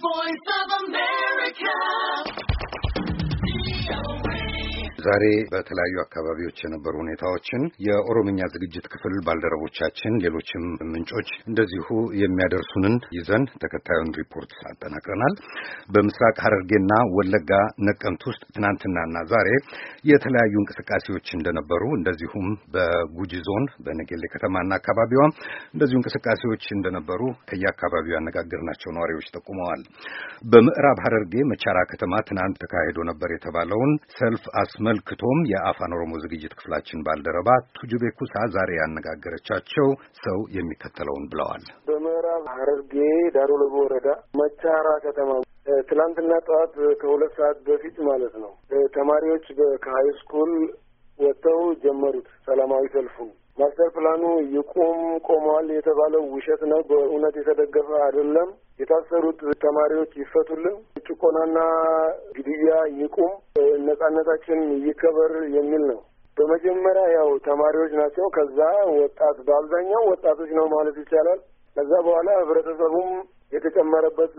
voice of America. ዛሬ በተለያዩ አካባቢዎች የነበሩ ሁኔታዎችን የኦሮምኛ ዝግጅት ክፍል ባልደረቦቻችን፣ ሌሎችም ምንጮች እንደዚሁ የሚያደርሱንን ይዘን ተከታዩን ሪፖርት አጠናቅረናል። በምስራቅ ሐረርጌና ወለጋ ነቀምት ውስጥ ትናንትናና ዛሬ የተለያዩ እንቅስቃሴዎች እንደነበሩ እንደዚሁም በጉጂ ዞን በነጌሌ ከተማና አካባቢዋ እንደዚሁ እንቅስቃሴዎች እንደነበሩ ከየአካባቢው ያነጋገርናቸው ነዋሪዎች ጠቁመዋል። በምዕራብ ሐረርጌ መቻራ ከተማ ትናንት ተካሂዶ ነበር የተባለውን ሰልፍ አስመ አስመልክቶም የአፋን ኦሮሞ ዝግጅት ክፍላችን ባልደረባ ቱጁቤ ኩሳ ዛሬ ያነጋገረቻቸው ሰው የሚከተለውን ብለዋል። በምዕራብ ሐረርጌ ዳሮ ለቡ ወረዳ መቻራ ከተማ ትላንትና ጠዋት ከሁለት ሰዓት በፊት ማለት ነው ተማሪዎች ከሀይ ስኩል ወጥተው ጀመሩት ሰላማዊ ሰልፉን። ማስተር ፕላኑ ይቁም ቆመዋል የተባለው ውሸት ነው፣ በእውነት የተደገፈ አይደለም። የታሰሩት ተማሪዎች ይፈቱልን፣ ጭቆናና ግድያ ይቁም፣ ነጻነታችን ይከበር የሚል ነው። በመጀመሪያ ያው ተማሪዎች ናቸው። ከዛ ወጣት፣ በአብዛኛው ወጣቶች ነው ማለት ይቻላል። ከዛ በኋላ ህብረተሰቡም የተጨመረበት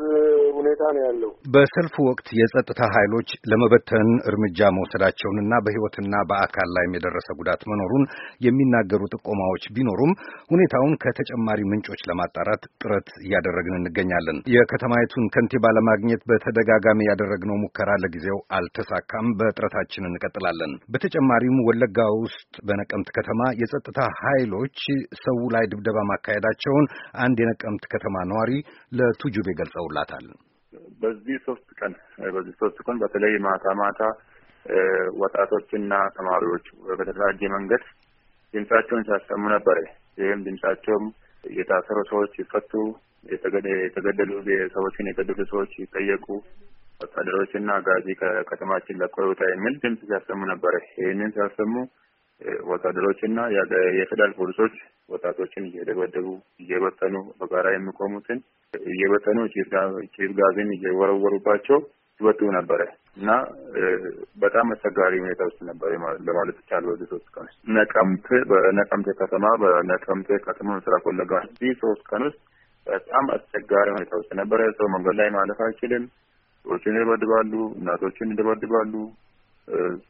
ሁኔታ ነው ያለው። በሰልፉ ወቅት የጸጥታ ኃይሎች ለመበተን እርምጃ መውሰዳቸውንና በሕይወትና በአካል ላይም የደረሰ ጉዳት መኖሩን የሚናገሩ ጥቆማዎች ቢኖሩም ሁኔታውን ከተጨማሪ ምንጮች ለማጣራት ጥረት እያደረግን እንገኛለን። የከተማይቱን ከንቲባ ለማግኘት በተደጋጋሚ ያደረግነው ሙከራ ለጊዜው አልተሳካም። በጥረታችን እንቀጥላለን። በተጨማሪም ወለጋ ውስጥ በነቀምት ከተማ የጸጥታ ኃይሎች ሰው ላይ ድብደባ ማካሄዳቸውን አንድ የነቀምት ከተማ ነዋሪ ለቱጁቤ ገልጸውላታል። በዚህ ሶስት ቀን በዚህ ሶስት ቀን በተለይ ማታ ማታ ወጣቶችና ተማሪዎች በተደራጀ መንገድ ድምጻቸውን ሲያሰሙ ነበረ። ይህም ድምጻቸውም የታሰሩ ሰዎች ሲፈቱ፣ የተገደሉ ሰዎችን የገደሉ ሰዎች ሲጠየቁ፣ ወታደሮችና ጋዚ ከከተማችን ለቆ ይውጣ የሚል ድምጽ ሲያሰሙ ነበረ። ይህንን ሲያሰሙ ወታደሮች እና የፌደራል ፖሊሶች ወጣቶችን እየደበደቡ እየበተኑ በጋራ የሚቆሙትን እየበተኑ ቺፍ ጋዝን እየወረወሩባቸው ይበትኑ ነበረ እና በጣም አስቸጋሪ ሁኔታ ውስጥ ነበር ለማለት ይቻል። በዚህ ሶስት ቀን ውስጥ ነቀምቴ በነቀምቴ ከተማ በነቀምቴ ከተማ ምስራቅ ወለጋ እዚህ ሶስት ቀን ውስጥ በጣም አስቸጋሪ ሁኔታ ውስጥ ነበረ። ሰው መንገድ ላይ ማለፍ አይችልም። ሰዎችን ይደበድባሉ፣ እናቶችን ይደበድባሉ።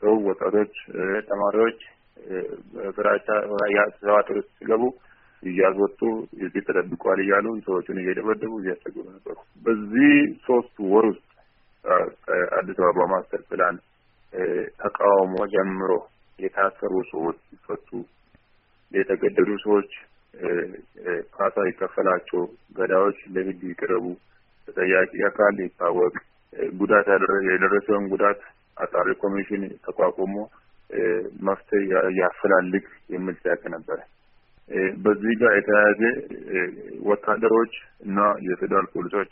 ሰው ወጣቶች፣ ተማሪዎች ፍራቻ ሰዋጥር ሲገቡ እያስወጡ እዚህ ተደብቋል እያሉ ሰዎቹን እየደበደቡ እያስቸገሩ ነበሩ። በዚህ ሶስት ወር ውስጥ አዲስ አበባ ማስተር ፕላን ተቃውሞ ጀምሮ የታሰሩ ሰዎች ሲፈቱ፣ የተገደሉ ሰዎች ካሳ ይከፈላቸው፣ ገዳዮች ለግድ ይቅረቡ፣ ተጠያቂ አካል ይታወቅ፣ ጉዳት የደረሰውን ጉዳት አጣሪ ኮሚሽን ተቋቁሞ መፍትሄ ያፈላልግ የሚል ጥያቄ ነበረ። በዚህ ጋር የተያያዘ ወታደሮች እና የፌዴራል ፖሊሶች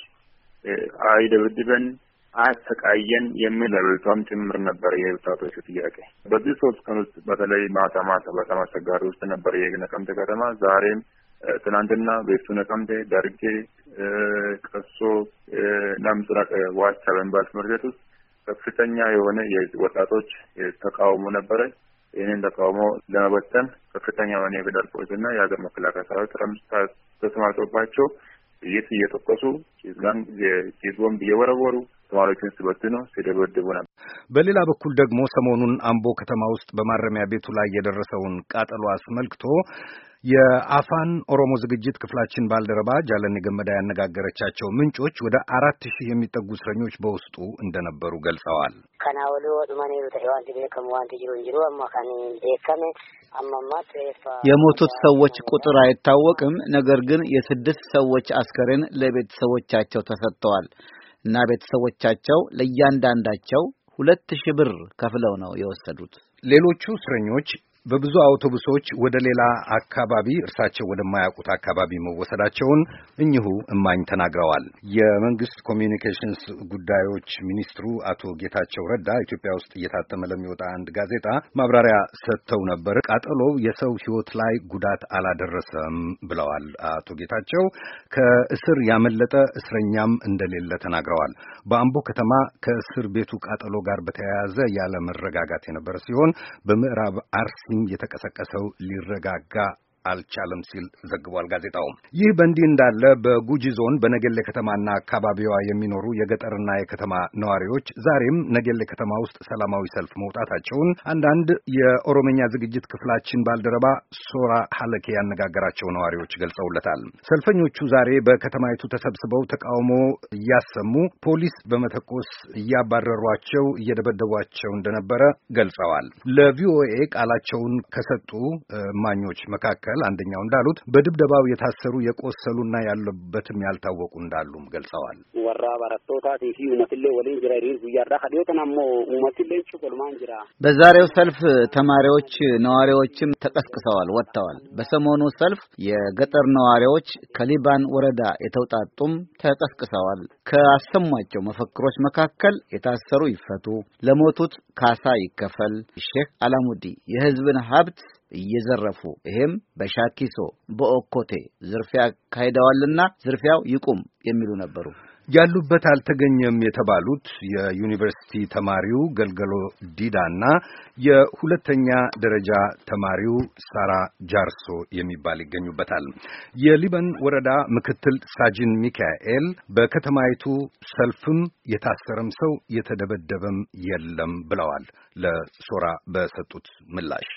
አይደብድበን፣ አያሰቃየን የሚል ለቤቷም ጭምር ነበር የወጣቶቹ ጥያቄ። በዚህ ሶስት ቀን ውስጥ በተለይ ማታ ማታ በጣም አስቸጋሪ ውስጥ ነበር የነቀምቴ ከተማ። ዛሬም ትናንትና ቤቱ ነቀምቴ፣ ደርጌ፣ ቀሶ እና ምስራቅ ዋቻ በሚባል ትምህርት ቤት ውስጥ ከፍተኛ የሆነ የወጣቶች ተቃውሞ ነበረ። ይህንን ተቃውሞ ለመበተን ከፍተኛ የሆነ የፌደራል ፖሊስና የሀገር መከላከያ ሰራዊት ተሰማርቶባቸው ጥይት እየተኮሱ ጭስ ቦምብ እየወረወሩ ተማሪዎችን ሲበትኑ ሲደበድቡ ነበር። በሌላ በኩል ደግሞ ሰሞኑን አምቦ ከተማ ውስጥ በማረሚያ ቤቱ ላይ የደረሰውን ቃጠሎ አስመልክቶ የአፋን ኦሮሞ ዝግጅት ክፍላችን ባልደረባ ጃለኔ ገመዳ ያነጋገረቻቸው ምንጮች ወደ አራት ሺህ የሚጠጉ እስረኞች በውስጡ እንደነበሩ ገልጸዋል። የሞቱት ሰዎች ቁጥር አይታወቅም። ነገር ግን የስድስት ሰዎች አስከሬን ለቤተሰቦቻቸው ተሰጥተዋል እና ቤተሰቦቻቸው ለእያንዳንዳቸው ሁለት ሺህ ብር ከፍለው ነው የወሰዱት። ሌሎቹ እስረኞች በብዙ አውቶቡሶች ወደ ሌላ አካባቢ እርሳቸው ወደማያውቁት አካባቢ መወሰዳቸውን እኚሁ እማኝ ተናግረዋል። የመንግስት ኮሚዩኒኬሽንስ ጉዳዮች ሚኒስትሩ አቶ ጌታቸው ረዳ ኢትዮጵያ ውስጥ እየታተመ ለሚወጣ አንድ ጋዜጣ ማብራሪያ ሰጥተው ነበር። ቃጠሎው የሰው ሕይወት ላይ ጉዳት አላደረሰም ብለዋል። አቶ ጌታቸው ከእስር ያመለጠ እስረኛም እንደሌለ ተናግረዋል። በአምቦ ከተማ ከእስር ቤቱ ቃጠሎ ጋር በተያያዘ ያለ መረጋጋት የነበረ ሲሆን በምዕራብ አርሲ ዳግም የተቀሰቀሰው ሊረጋጋ አልቻለም ሲል ዘግቧል ጋዜጣው። ይህ በእንዲህ እንዳለ በጉጂ ዞን በነገሌ ከተማና አካባቢዋ የሚኖሩ የገጠርና የከተማ ነዋሪዎች ዛሬም ነገሌ ከተማ ውስጥ ሰላማዊ ሰልፍ መውጣታቸውን አንዳንድ የኦሮምኛ ዝግጅት ክፍላችን ባልደረባ ሶራ ሀለኬ ያነጋገራቸው ነዋሪዎች ገልጸውለታል። ሰልፈኞቹ ዛሬ በከተማይቱ ተሰብስበው ተቃውሞ እያሰሙ ፖሊስ በመተኮስ እያባረሯቸው፣ እየደበደቧቸው እንደነበረ ገልጸዋል። ለቪኦኤ ቃላቸውን ከሰጡ እማኞች መካከል በመቀጠል አንደኛው እንዳሉት በድብደባው የታሰሩ የቆሰሉና ያለበትም ያልታወቁ እንዳሉም ገልጸዋል። ወራ በዛሬው ሰልፍ ተማሪዎች፣ ነዋሪዎችም ተቀስቅሰዋል፣ ወጥተዋል። በሰሞኑ ሰልፍ የገጠር ነዋሪዎች ከሊባን ወረዳ የተውጣጡም ተቀስቅሰዋል። ከአሰሟቸው መፈክሮች መካከል የታሰሩ ይፈቱ፣ ለሞቱት ካሳ ይከፈል፣ ሼህ አላሙዲ የህዝብን ሀብት እየዘረፉ ይሄም በሻኪሶ በኦኮቴ ዝርፊያ ካሂደዋልና ዝርፊያው ይቁም የሚሉ ነበሩ። ያሉበት አልተገኘም የተባሉት የዩኒቨርሲቲ ተማሪው ገልገሎ እና የሁለተኛ ደረጃ ተማሪው ሳራ ጃርሶ የሚባል ይገኙበታል። የሊበን ወረዳ ምክትል ሳጅን ሚካኤል በከተማይቱ ሰልፍም የታሰረም ሰው የተደበደበም የለም ብለዋል። ለሶራ በሰጡት ምላሽ